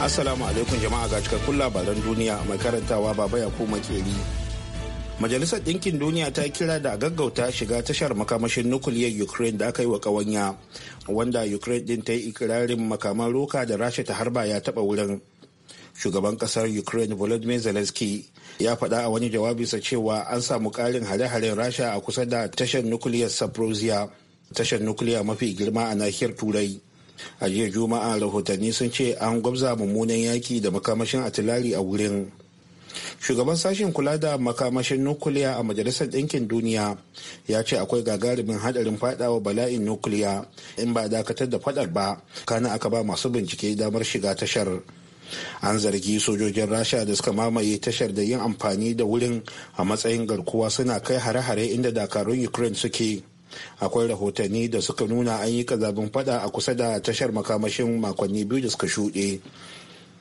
Assalamu alaikum jama'a ga cikakkun labaran duniya mai karantawa baba ya makeri. Majalisar Ɗinkin Duniya ta kira da gaggauta shiga tashar makamashin nukiliyar Ukraine da aka yi wa ƙawanya wanda Ukraine din ta yi ikirarin makaman roka da Rasha ta harba ya taɓa wurin. Shugaban ƙasar Ukraine Volodymyr Zelensky ya faɗa a wani jawabinsa cewa an samu ƙarin hare-haren Rasha a kusa da tashar nukiliyar Saprosia, tashar nukiliya mafi girma a nahiyar Turai. a jiya juma'a rahotanni sun ce an gwabza mummunan yaki da makamashin atilari a wurin shugaban sashen kula da makamashin nukuliya a majalisar ɗinkin duniya ya ce akwai gagarumin hadarin fadawa bala'in nukuliya in ba dakatar da fadar ba kana aka ba masu bincike damar shiga tashar an zargi sojojin rasha da suka mamaye tashar da yin amfani da wurin a matsayin garkuwa suna kai hare-hare inda dakarun ukraine suke akwai rahotanni da suka nuna an yi kazabin fada a kusa da tashar makamashin makonni biyu da suka shuɗe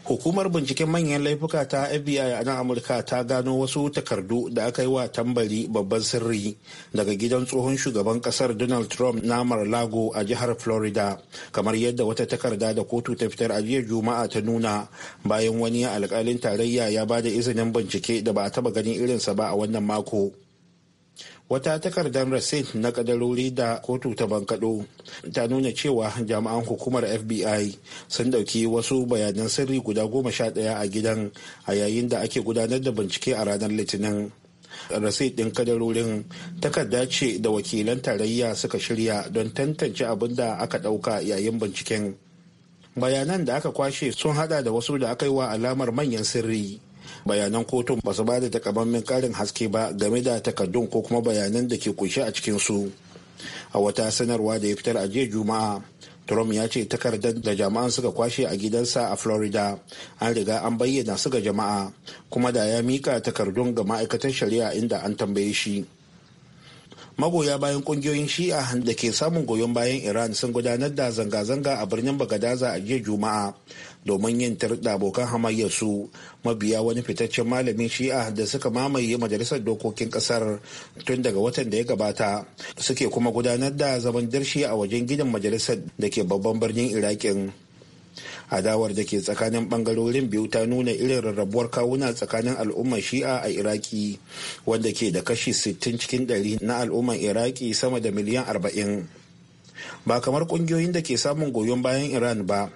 hukumar binciken manyan laifuka ta fbi a nan amurka ta gano wasu takardu da aka yi wa tambari babban sirri daga gidan tsohon shugaban kasar donald trump na mar-lago a jihar florida kamar yadda wata takarda da kotu ta fitar a jiya juma'a ta nuna bayan wani alkalin tarayya ya bada izinin bincike da ba a taba ganin irinsa ba a wannan mako wata takardar rasit na kadarori da kotu ta bankado ta nuna cewa jami'an hukumar fbi sun ɗauki wasu bayanan sirri guda goma sha ɗaya a gidan a yayin da ake gudanar da bincike a ranar litinin rasit ɗin kadarorin takarda ce da wakilan tarayya suka shirya don tantance abin da aka ɗauka yayin binciken bayanan da aka kwashe sun hada da wasu da aka yi wa alamar manyan sirri bayanan kotun ba su ba da takamammen karin haske ba game da takardun ko kuma bayanan da ke kunshe a cikinsu a wata sanarwa da ya fitar a jiya juma'a trump ya ce takardar da jama'an suka kwashe a gidansa a florida an riga an bayyana su ga jama'a kuma da ya mika takardun ga ma'aikatan shari'a inda an tambaye shi magoya bayan kungiyoyin shi'a da ke samun goyon bayan iran sun gudanar da zanga-zanga a birnin bagadaza a jiya juma'a domin yin tarda abokan su mabiya wani fitaccen malamin shi'a da suka mamaye majalisar dokokin kasar tun daga watan da ya gabata suke kuma gudanar da zaman darshi a wajen gidan majalisar da ke babban birnin irakin adawar da ke tsakanin bangarorin biyu ta nuna irin rarrabuwar kawuna tsakanin al'ummar shi'a a iraki wanda ke da kashi 60 cikin 100 na al'ummar iraki sama da miliyan 40 ba kamar kungiyoyin da ke samun goyon bayan iran ba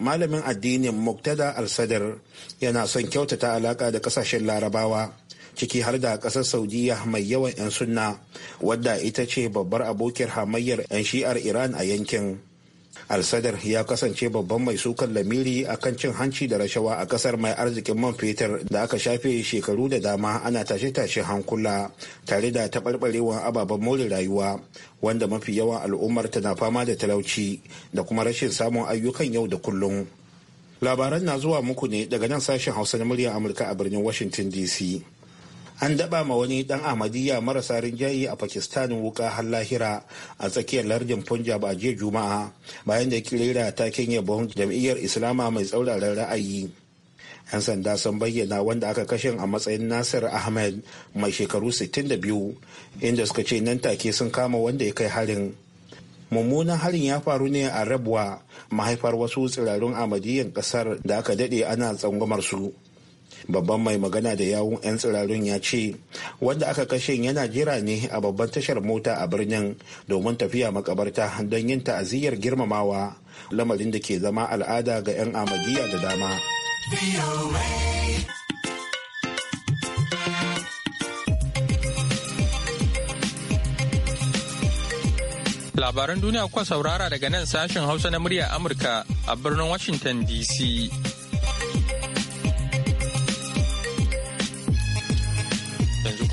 malamin addinin muktada al-sadar yana son kyautata alaka da kasashen larabawa ciki har da kasar saudiya mai yawan 'yan sunna wadda ita ce babbar abokiyar hamayyar 'yan shi'ar iran a yankin alsadar ya kasance babban mai sukan lamiri a kan cin hanci da rashawa a kasar mai arzikin man fetur da aka shafe shekaru da dama ana tashe-tashe hankula tare da taɓarɓarewar ababen more rayuwa wanda mafi yawan al'ummar ta na fama da talauci da kuma rashin samun ayyukan yau da kullum labaran na zuwa muku ne daga nan sashen hausa na muryar amurka a birnin washington dc an daba ma wani dan ahmadiyya marasa rinjaye a pakistan wuka har lahira a tsakiyar lardin punjab a jiya juma'a bayan da kirera kenya bahun jam'iyyar islama mai tsauraran ra'ayi yan sanda sun bayyana wanda aka kashe a matsayin nasir ahmed mai shekaru 62 inda suka ce nan take sun kama wanda ya kai harin mummunan harin ya faru ne a rabwa mahaifar wasu tsirarun amadiyyar kasar da aka dade ana tsangwamar su babban mai magana da yawun 'yan tsirarun ya ce wanda aka kashe yana jira ne a babban tashar mota a birnin domin tafiya makabarta don yin ta'aziyyar girmamawa lamarin da ke zama al'ada ga 'yan amadiya da dama labaran duniya kuka saurara daga nan sashen hausa na murya amurka a birnin washington dc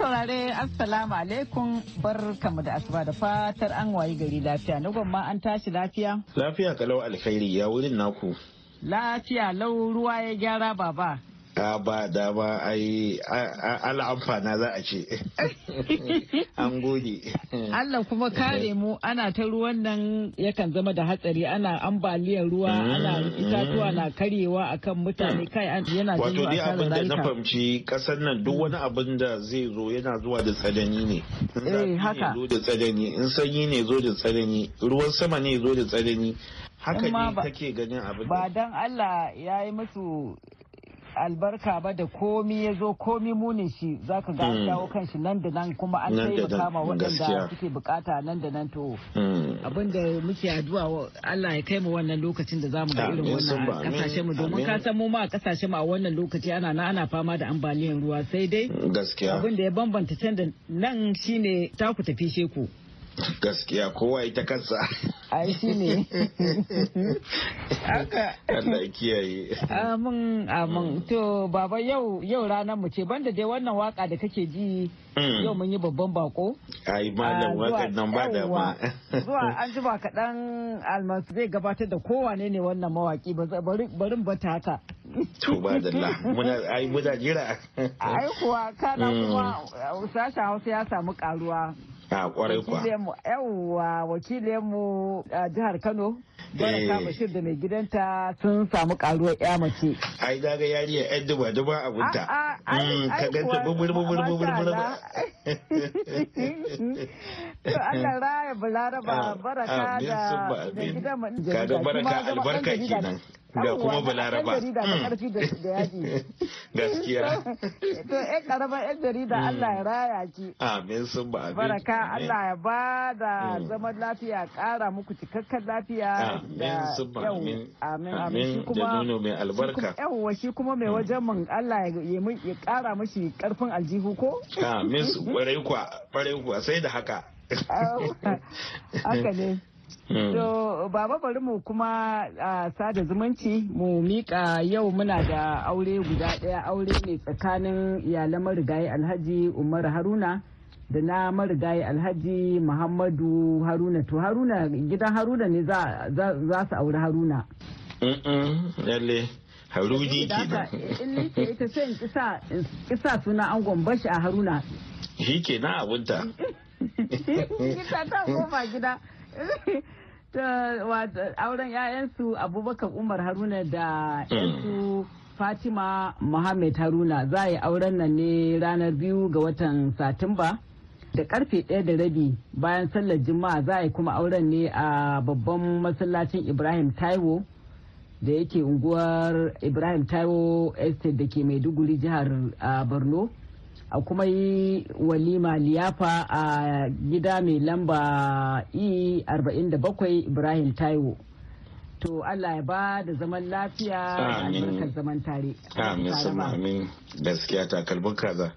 saurare assalamu alaikum bar kamu da asuba da fatar an wayi gari lafiya na gwamma an tashi lafiya lafiya kalau alkhairi ya wurin naku lafiya lau ruwa ya gyara baba ka ba dama a yi al'amfana za a ce an gode Allah kuma kare mu ana ta ruwan nan yakan zama da hatsari ana ambaliyar ruwa mm-hmm. ana itatuwa na karyewa akan mutane kai yana wato dai abin da na fahimci kasar nan duk wani mm. abin da zai zo yana zuwa da tsadani ne in eh, haka zo da in sanyi ne zo da tsadani ruwan sama ne zo da tsadani haka ne take ganin abin ba dan Allah ya yi musu albarka ba da komi ya zo komi munin shi za ka ga hmm. dawo kan shi nan da nan kuma an taimaka ma waɗanda suke bukata nan da nan to hmm. abin da muke addu'a Allah ya kai mu wannan lokacin da za mu ga irin wannan kasashe mu domin ka san mu ma kasashe mu a wannan lokaci ana na ana fama da ambaliyar ruwa sai dai abin da ya bambanta can da nan shine ta ku tafi sheku gaskiya kowa ita kansa ai shi ne haka Allah kiyaye amin amin to baba yau yau ranar mu ce banda dai wannan waka da kake ji mm. yau mun yi babban bako ai malam ah, wakan nan ba da ma zuwa an zuba kaɗan almasu zai gabatar da kowane ne wannan mawaki barin ta haka to ba da la muna ai muna jira ai kuwa kana mm. kuma sasha hausa ya samu karuwa a kwarai kwa yawwa wakilinmu a jihar kano baraka eh. bashir da mai gidanta sun samu karuwar ya mace ai gaga yariya yan duba duba a gunta mm, ka ganta bubur bubur bubur bubur ba. to an Allah raya balaraba baraka da mai gidan mu kaga baraka albarka kenan ga kuma balaraba gaskiya to yan karamar yan jarida hmm. Allah ya raya ki amin sun ba abin baraka Allah ya ba da hmm. zaman lafiya kara muku cikakken lafiya amin sun ba amin amin da nuno mai albarka yawwa shi kuma mai hmm. wajen mun Allah ya kara mashi karfin aljihu ko amin su kwarai kwa sai da haka haka ne To mm. baba bari mu kuma a sada zumunci mu mika yau muna da aure guda ɗaya aure ne tsakanin iyalan marigayi alhaji Umar Haruna da na marigayi alhaji Muhammadu Haruna to Haruna gidan Haruna ne za su auri Haruna. Lalle Haruji ke nan. In ita sai in kisa suna an gwambashi a Haruna. Shi ke na abunta. Kita ta koma gida. auren 'ya'yansu abubakar umar haruna da 'yansu hmm. fatima muhammed haruna za a yi auren nan ne ranar biyu ga watan satumba da karfe ɗaya da rabi bayan sallar juma'a za a yi kuma auren ne a babban masallacin ibrahim taiwo da yake unguwar ibrahim taiwo estate da ke maiduguri jihar borno a kuma yi walima liyafa a gida mai lamba e 47 ibrahim taiwo to allah ya ba da zaman lafiya a zaman tare amin gaskiya takalmin kaza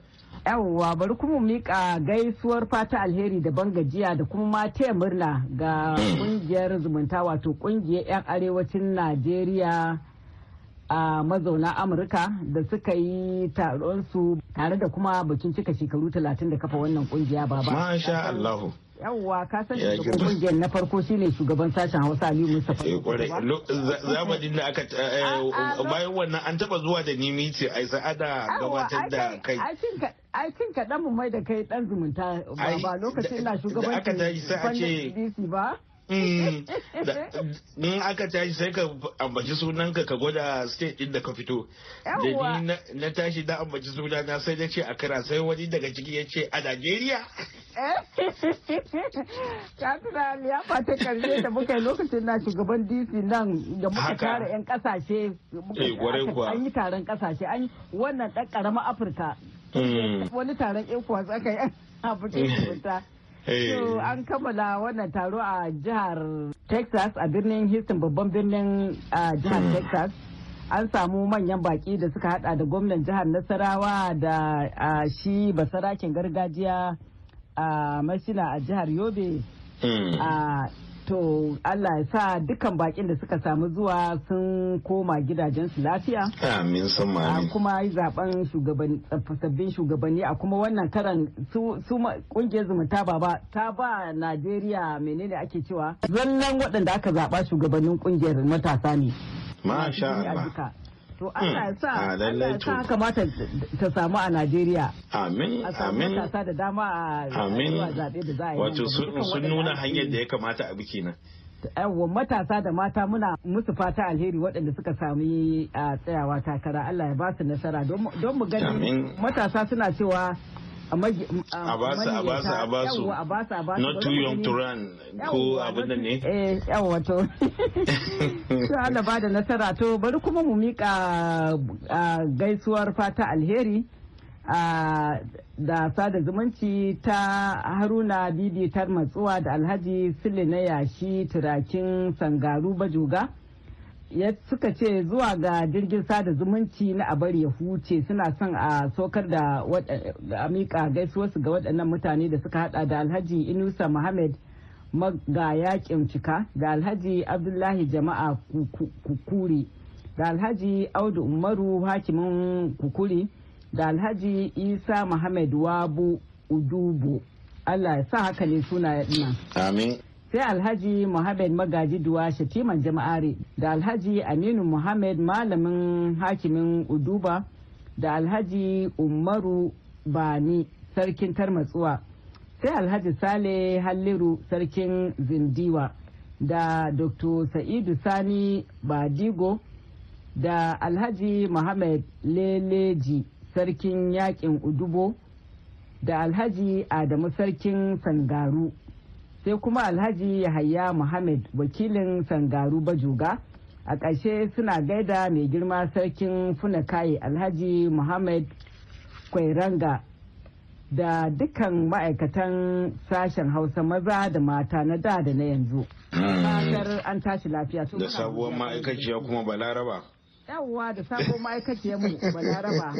yawwa bari kuma mika gaisuwar fata alheri da ban gajiya da kuma ma taya murna ga kungiyar hmm. zumunta wato kungiyar 'yan arewacin najeriya a mazauna amurka da suka yi taron su tare da kuma bikin cika shekaru talatin da kafa wannan kungiya ba ba yawwa ka san da kungiyar na farko shine shugaban sashen hausa aliyu mustapha eh kwarai zamanin da aka eh, ah, ah, um, bayan wannan an taba zuwa da ni miti ai sa'ada gabatar da kai ai cin kaɗan mu mai da kai ɗan zumunta ba lokacin na shugabancin ba Mm. in aka tashi sai ka ambaci sunanka ka gwada state din da ka fito da ni na tashi da ambaci sunana sai na ce a kira sai wani daga ciki ya ce a Najeriya ka tuna ya fata karshe da muka yi lokacin na shugaban DC nan da muka tara yan kasashe eh, an yi taron kasashe an wannan dan karama Afirka mm. wani taron ECOWAS tsakai yi a bukin So an kammala wannan taro a jihar Texas a birnin Houston babban birnin jihar hmm. Texas. An samu manyan baki da suka hada da gwamnan jihar Nasarawa da shi basarakin gargajiya a mashina a jihar Yobe. Hmm. To Allah ya sa dukkan bakin da suka samu zuwa sun koma gidajensu lafiya. Amin sun amin. kuma zaben sabbin shugabanni a kuma wannan karan su kungiyar zumunta baba ta ba Najeriya menene ake cewa zallan waɗanda aka zaba shugabannin kungiyar matasa ne. Masha Allah. To hmm. Allah sa ah, kamata ta samu a Najeriya. Amin. Amin. A samu da dama a zaɓe da za a yi. Wato sun nuna hanyar da ya kamata a biki nan. yawon matasa da mata muna musu fata alheri waɗanda suka sami a ah, tsayawa takara Allah ya ba su nasara don mu gani matasa suna cewa a basu a basu a basu not too young to run ko abin da ne eh, yawa to to Allah ba da nasara to bari kuma mu mika gaisuwar fata alheri da sada zumunci ta haruna bibi Matsuwa da alhaji sule na yashi turakin sangaru bajuga ya suka ce zuwa ga jirgin sada zumunci na abar ya huce suna son a sokar da amika gaisuwarsu ga waɗannan mutane da suka hada da alhaji inusa muhammad ga yakin cika da alhaji abdullahi jama'a kukuri da alhaji audu umaru hakimin kukuri da alhaji isa muhammad wabu udubu allah ya sa haka ne suna ya amin sai alhaji muhammad magaji duwa shatiman jama'are da alhaji aminu muhammad malamin hakimin uduba da alhaji umaru bani sarkin tarmatsuwa sai alhaji sale halliru sarkin zindiwa da dr sa'idu sani badigo da alhaji muhammad leleji sarkin yakin udubo da alhaji adamu sarkin sangaru sai kuma alhaji yahaya muhammad wakilin sangaru bajuga a ƙarshe suna gaida mai girma sarkin funakaye alhaji muhammad kwairanga da dukkan ma'aikatan sashen hausa maza da mata na da da na yanzu an tashi lafiya da sabuwar ma'aikaciya kuma balaraba yawwa da sabon ma'aikaciyar mu balaraba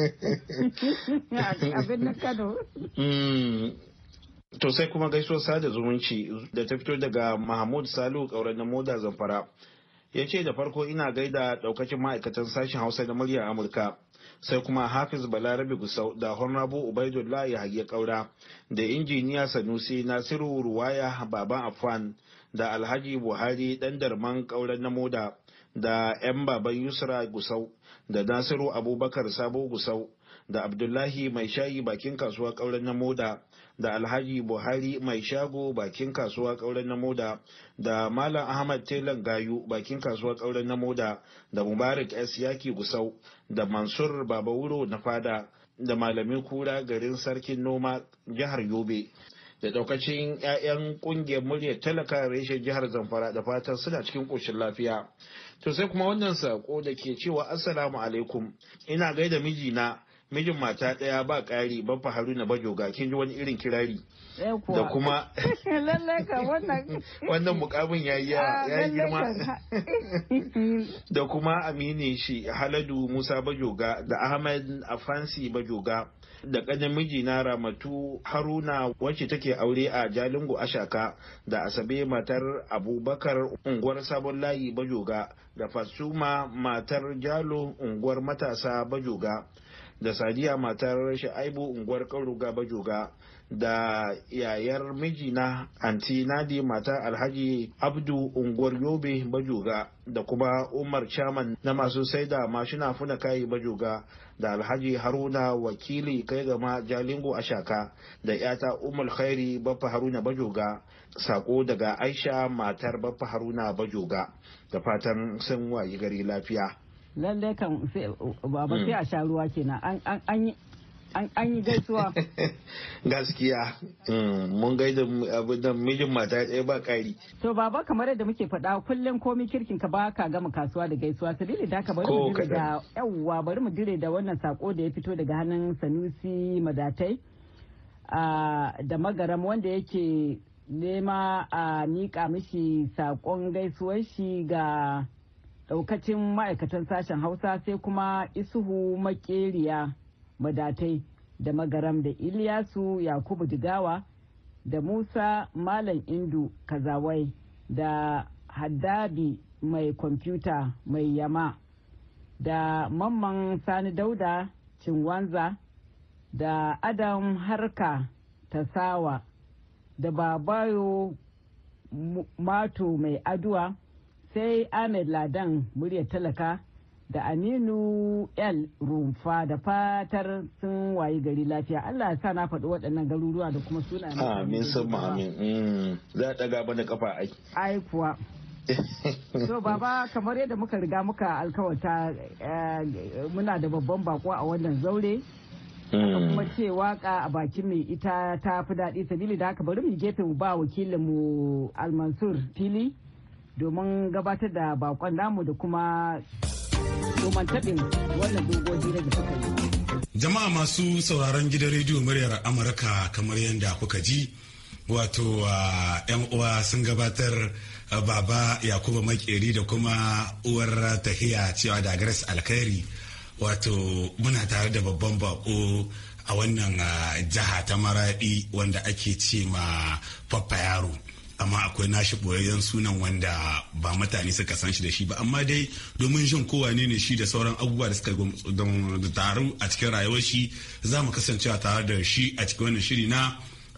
abin na kano hmm. To sai kuma gaisuwar sada zumunci da ta fito daga Mahmud Salu ƙauren na Moda Zamfara. Ya ce da farko ina gaida ɗaukacin ma'aikatan sashen Hausa da muryar Amurka. Sai kuma Hafiz Balarabi Gusau da Ubaidullahi Ubaidullah Yahaya ƙaura da injiniya Sanusi Nasiru Ruwaya Baban Afwan da Alhaji Buhari ɗan darman ƙauren na Moda da 'yan baban Yusra Gusau da Nasiru Abubakar Sabo Gusau da Abdullahi Mai Shayi bakin kasuwa ƙauren na Moda da alhaji buhari mai shago bakin kasuwa kauren na moda da malam ahmad telan gayu bakin kasuwa kauren na moda da mubarak s yaki gusau da mansur baba na fada da malamin kura garin sarkin noma jihar yobe da daukacin 'ya'yan kungiyar muryar talaka reshen jihar zamfara da fatan suna cikin ƙoshin lafiya to sai kuma wannan sako da ke cewa assalamu alaikum ina gaida mijina mijin mata ɗaya ba ƙari ba fa haruna ba joga kin ji wani irin kirari eh da kuma wannan mukamin ya yi ah, girma da kuma amine shi haladu musa bajoga da ahmed afansi bajoga da kanin miji na ramatu haruna wacce take aure a jalingo ashaka da asabe matar abubakar unguwar sabon layi bajoga da fasuma matar jalo unguwar matasa bajoga da sadiya matar aibu unguwar kauruga bajoga da yayar mijina anti nadi matar alhaji abdu unguwar yobe bajoga da kuma umar chaman na masu saida mashina funa kayi bajoga da alhaji haruna wakili kai gama jalingo ashaka da yata umar khairi baffa haruna bajoga sako daga aisha matar baffa haruna bajoga da fatan sun wayi gari lafiya lalle kan baba hmm. sai a sha ruwa kenan an yi gaisuwa gaskiya hmm, mun gaida da mijin mata ɗaya ba kari to baba kamar yadda muke faɗa kullum komi kirkin ka ba ka gama kasuwa da gaisuwa sabili da ka bari mu dire da yawwa bari mu dire da wannan sako da ya fito daga hannun sanusi madatai da magaram wanda yake nema a mika mishi sakon gaisuwar shi ga daukacin ma'aikatan sashen hausa sai kuma isuhu makeriya madatai da magaram da iliyasu yakubu digawa da musa malam indu kazawai da haddabi mai kwamfuta mai yama da mamman sani dauda cinwanza da adam harka tasawa da babayo mato mai aduwa sai ahmed ladan muryar talaka da aminu el rumfa da fatar sun wayi gari lafiya allah ya sa na faɗi waɗannan garuruwa da kuma suna amin sun amin mm, za a ɗaga bane kafa ai ai kuwa so baba kamar yadda muka riga muka alkawarta eh, muna da babban bako a wannan zaure mm. kuma ce waka a bakin mai ita ta fi daɗi sabili da haka bari mu gefe mu ba wakilinmu almansur fili domin gabatar da bakon namu da kuma domin taɓin wannan dogon da suka yi. Jama'a masu sauraron gidan rediyo muryar Amurka kamar yadda kuka ji wato yan uwa sun gabatar baba yakuba makeri da kuma uwar tahiya cewa da grace alkhairi wato muna tare da babban bako a wannan jiha ta maradi wanda ake ce ma yaro. amma akwai nashi boyayyen sunan wanda ba mutane suka san shi da shi ba amma dai domin jin kowa ne ne shi da sauran abubuwa da suka taru a cikin rayuwar shi za mu kasancewa tare da shi a cikin wannan shiri na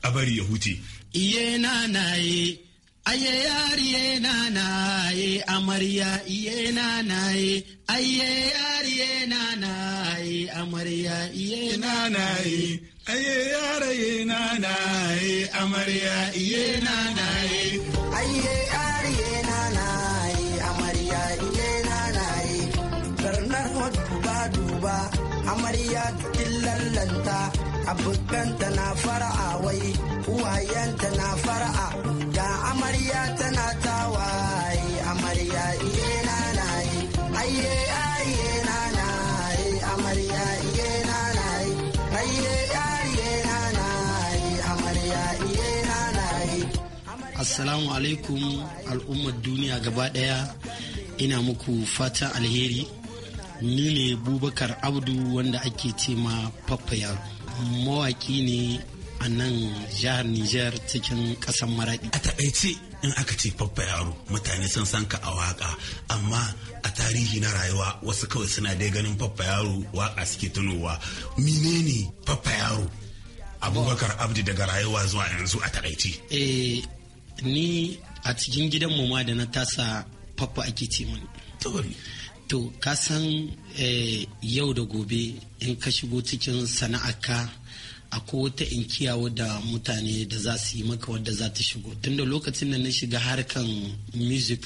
abari ya huce. Iye na na ye, aye yari ye na na ye, amarya iye na na ye, aye yari ye na na ye, amarya iye na na ye. Aye yara ye na ye amarya ye na ye. Aye yara ye na ye amarya ye na ye. Karnar duba duba amarya kin lallanta abokanta na fara'a wai uwayenta na fara'a da amarya tana ta assalamu alaikum al'ummar duniya gaba daya ina muku fatan alheri ni ne bubakar abdu wanda ake ce ma yaro mawaki ne a nan jihar niger cikin kasan maraɗi a taɓaice in aka ce yaro mutane sun san ka a waƙa amma a tarihi na rayuwa wasu kawai suna dai ganin yaro waka suke tunowa menene yaro abubakar abdi daga rayuwa zuwa yanzu a takaici eh ni a cikin gidan mu ma da na tasa fafa ake ce mani to ka san eh, yau da gobe in ka shigo cikin sana'a ka akwai wata inkiya wadda mutane da za su yi maka wadda za ta shigo tunda lokacin da na shiga harkan music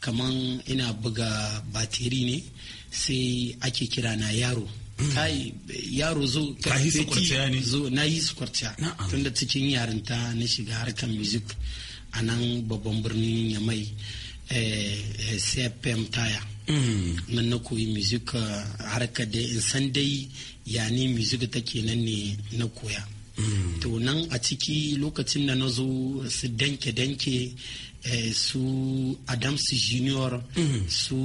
kaman ina buga batiri ne sai ake kira na yaro mm. kai yaro zo zo na yi su kwarciya tunda cikin yarinta na shiga harkan music a nan babban birnin yamai eh, eh, cfm taya mm. nan na koyi music eh, harkar da in san dai ya ne music take nan ne na koya mm. to nan a ciki lokacin da na zo su danke-danke su adams junior mm. su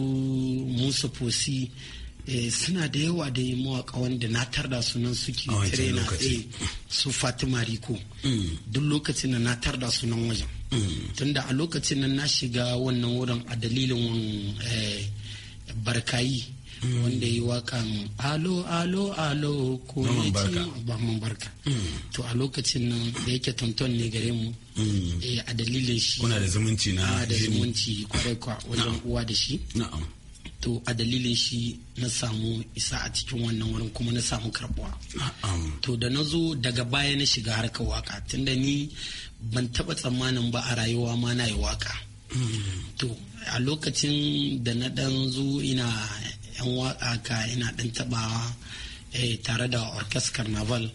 musa fosi suna da yawa da mawaka wanda na tarda sunan suke trena su fatima riko duk lokacin da na tarda sunan wajen tunda a lokacin nan na shiga wannan wurin a dalilin eh, barkayi wanda yi wakan alo alo alo ko ba mun barka mm. to a lokacin nan da yake tonton ne gare mu mm. eh, a dalilin shi kuna da zumunci na da zumunci kwarai kwa wajen uwa da shi na'am to a dalilin shi na samu isa a cikin wannan wurin kuma na samu karbuwa to da na zo daga baya na shiga harkar waka tunda ni ban taba tsammanin ba a rayuwa ma na yi waka mm. to a lokacin da na dan zo ina yan waka ina ɗan tabawa Eh, tare da orkes carnaval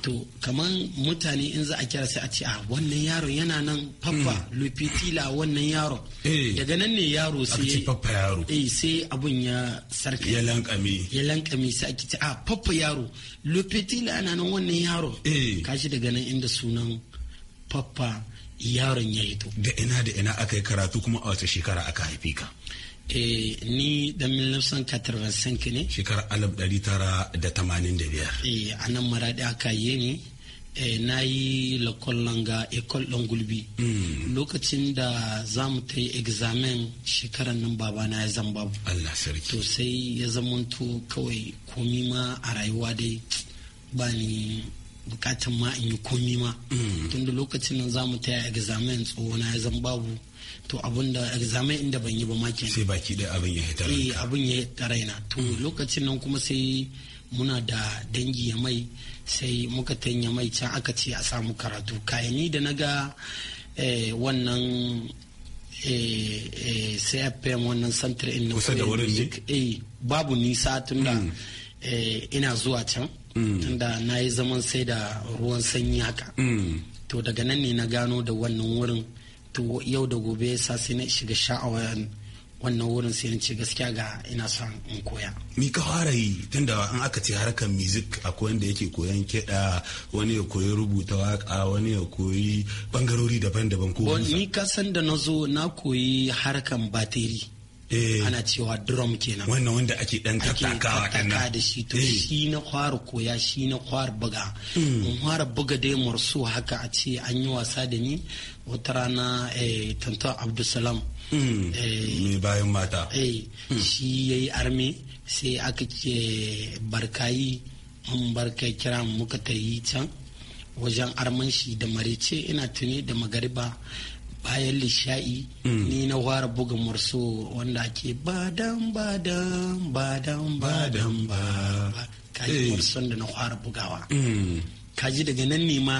to kaman mutane in za a kira sai a ce a ah, wannan yaro yana nan papa hmm. lupitila wannan yaro eh. daga nan ne yaro sai eh, sai abun ya sarka ya lankami ya lankami sai ake ce a ah, papa yaro lupitila yana nan wannan yaro kashi daga nan inda sunan papa yaron ya hito da ina da ina aka yi karatu kuma a wata shekara aka haifi ka Eh, ni dan 1985 ne. Shekarar 1985. Eh, a nan Maradi aka yi ne. Eh, na yi lakon langa ekol ɗan gulbi. Hmm. Lokacin da za mu ta yi examen shekarar nan na ya zan babu. sarki. To sai ya zamanto kawai komi ma a rayuwa dai ba ni bukatan ma in yi komi ma. Hmm. Tunda lokacin nan za mu ta yi examen na ya zan babu. to abun da examen inda ban yi ba ma sai baki da abin ya tare eh abin ya tare na to lokacin nan kuma sai muna da dangi ya mai sai muka tanya mai can aka ce a samu karatu kayani da na ga eh, wannan cfm eh, eh, wannan center in kusa da wurin ne babu nisa tunda mm. ina zuwa can mm. tunda na yi zaman sai da ruwan sanyi haka mm. to daga nan ne na gano da wannan wurin to yau da gobe sai na shiga sha'awar wannan wurin sai in gaskiya ga ina son in koya. Mi ka fara yi tunda an aka ce harkar music akwai wanda yake koyan kiɗa wani ya koyi rubuta waka wani ya koyi bangarori daban-daban ko Ni ka san da na zo na koyi harkan bateri. Eh. Ana cewa drum kenan. Wannan wanda ake dan tattakawa kenan. Ake da shi to eh. shi na fara koya shi na fara buga. Mun hmm. fara buga dai mursu haka a ce an yi wasa da ni wata rana eh, tantan abdulsalam hmm. eh, mai bayan mata eh, hmm. shi ya yi arme sai aka ce barkayi mun barka kira muka ta yi can wajen arman shi da marice ina tuni da magariba bayan lisha'i hmm. ni na wara buga morso wanda ake badan badan badan badan ba kaji marson da na fara bugawa kaji daga nan ne ma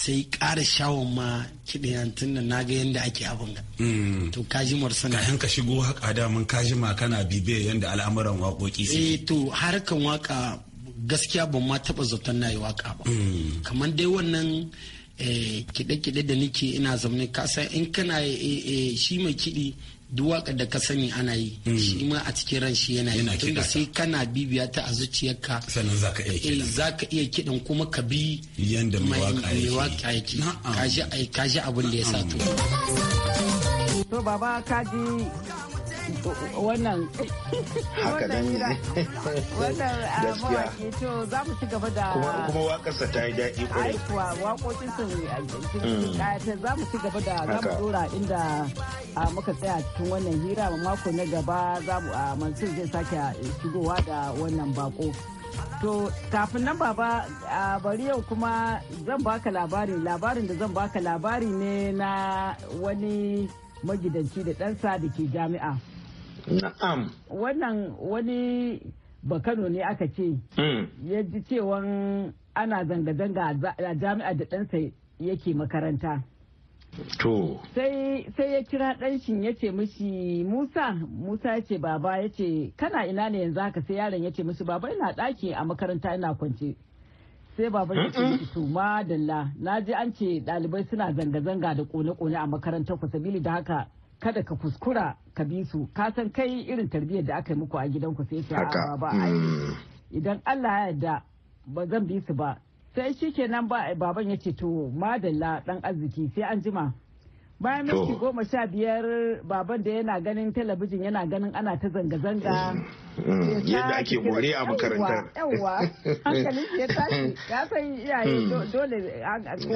sai kara shawon ma kiɗayantun na naga yadda ake abin ga. Mm. To kaji marsana. Kayan ka shigo haka daman kaji ma kana bibiya yadda al'amuran waƙoƙi su. Eh to harkan waƙa gaskiya ban ma taɓa zaton na yi waƙa ba. Mm. Kamar dai wannan eh, kiɗe-kiɗe da nake ina zaune kasan in kana eh, eh, shi mai kiɗi duwaka da ka sani ana yi mm. shi ma a cikin ran shi yana yi tunda sai kana bibiya ta a zuciyarka sannan zaka iya eh, kidan zaka iya kidan kuma ka bi yanda mai waka yake kaji kaji abin da ya sa to to baba kaji wannan haka dan ne wannan ah, mawaki to za mu ci gaba da kuma kuma sa ta yi daɗi kwarai kuwa wakokin sun kayata ah, mm. za mu ci gaba da za mu dora inda ah, muka tsaya cikin wannan hira mako na gaba za mu mansur zai sake shigowa da wannan bako To kafin nan baba a bari yau kuma zan baka labari labarin da zan baka labari ne na wani magidanci da ɗansa da ke jami'a. Na'am. Wannan wani bakano ne aka ce. Hmm. Ya ji cewan ana zanga-zanga a jami'ar da ɗansa yake makaranta. To. Sai ya kira ɗanshin ya ce mishi Musa, Musa ya ce baba ya ce kana ina ne yanzu haka sai yaron ya ce mishi baba ina ɗaki a makaranta ina kwance. Sai baba ya ce to madalla na ji an ce ɗalibai suna zanga-zanga da kone-kone a makarantar ku da haka kada ka kuskura ka bi su ka san kai irin tarbiyyar da aka yi muku a gidan ku sai ce a ba hmm. idan Allah ya yarda ba zan bi su ba sai shi shikenan ba baban ya ce to madalla dan arziki sai an jima bayan minti goma sha biyar baban da yana ganin talabijin yana ganin ana ta zanga-zanga mm, yadda ake more a makarantar yawa hankalin ya tashi ya san iyaye mm. dole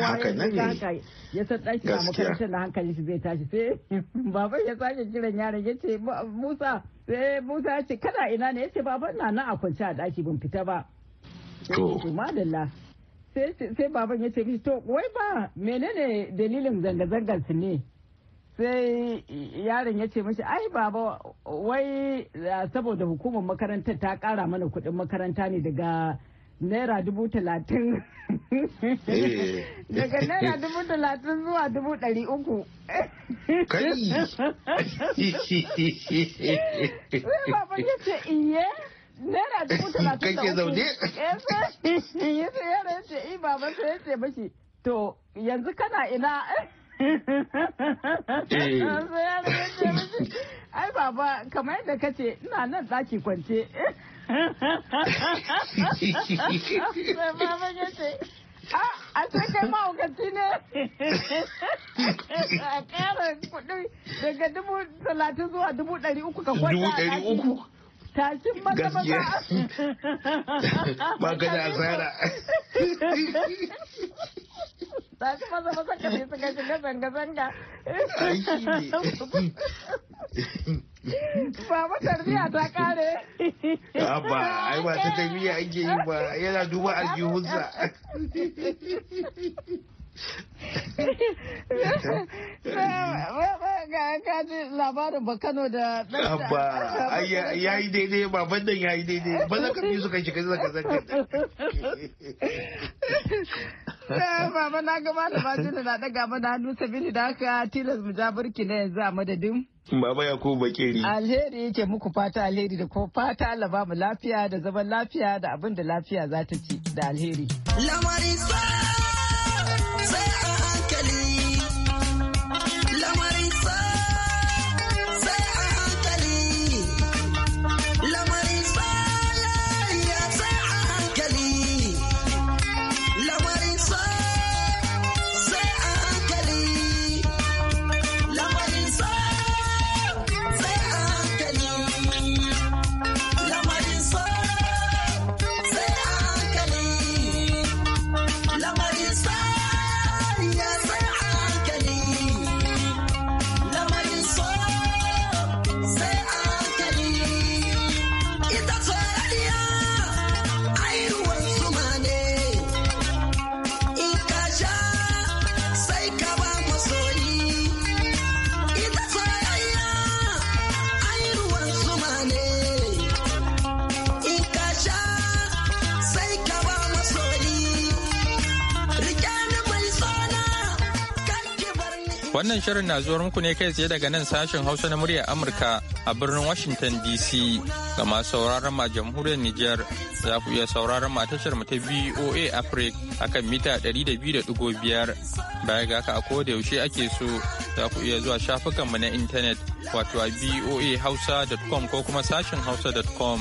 haka ne ya san ɗaki a makarantar da hankalin shi zai tashi sai baban ya sake kiran yaron ya ce musa sai eh, musa ya ce kana ina ne ya ce baban na na a kwance a ɗaki ban fita ba to madalla sai baban ya ce mishi to wai ba menene dalilin zanga-zangar su ne sai yaron ya ce mashi ai baba wai eh, saboda hukumar makarantar ta kara mana kudin makaranta ne daga naira dubu talatin eh. daga naira dubu talatin zuwa dubu dari uku sai baban ya ce iye naira dubu talatin da uku zaune eh, ya ce yara ya ce i eh, baba sai ya ce mashi to yanzu kana ina eh. ai baba kamar yadda ka ce ina nan ɗaki kwance baba ya ce a sai kai mahaukaci ne a ƙara kuɗi daga dubu talatin zuwa dubu ɗari uku ka kwanta a ɗaki takin maza maza ba ka da asara takin maza maza ka ne suka shiga zanga zanga Baba tarbiya ta kare. ba ai ba ta tarbiya ake yi ba, yana duba aljihunsa. ka ji labarin bakano da ba ya yi daidai ba bandan ya yi daidai ba za ka fi su kai shiga zaka zaka eh, baba na gama da bajin na daga mana hannu sabili da haka tilas mu ja burki na yanzu a madadin Baba Yakubu Bakeri. Alheri yake muku fata alheri da ko fata Allah ba mu lafiya da zaman lafiya da abin da lafiya za ta ci da alheri. Lamari Say Wannan shirin na zuwar muku ne kai tsaye daga nan sashen Hausa na murya Amurka a birnin Washington DC. Ga masu sauraron ma jamhuriyar Nijar za ku iya sauraron ma tashar mu ta VOA Africa akan mita 200.5. Baya ga haka a koda yaushe ake so za ku iya zuwa shafukanmu na intanet wato a voahausa.com ko kuma sashen hausa.com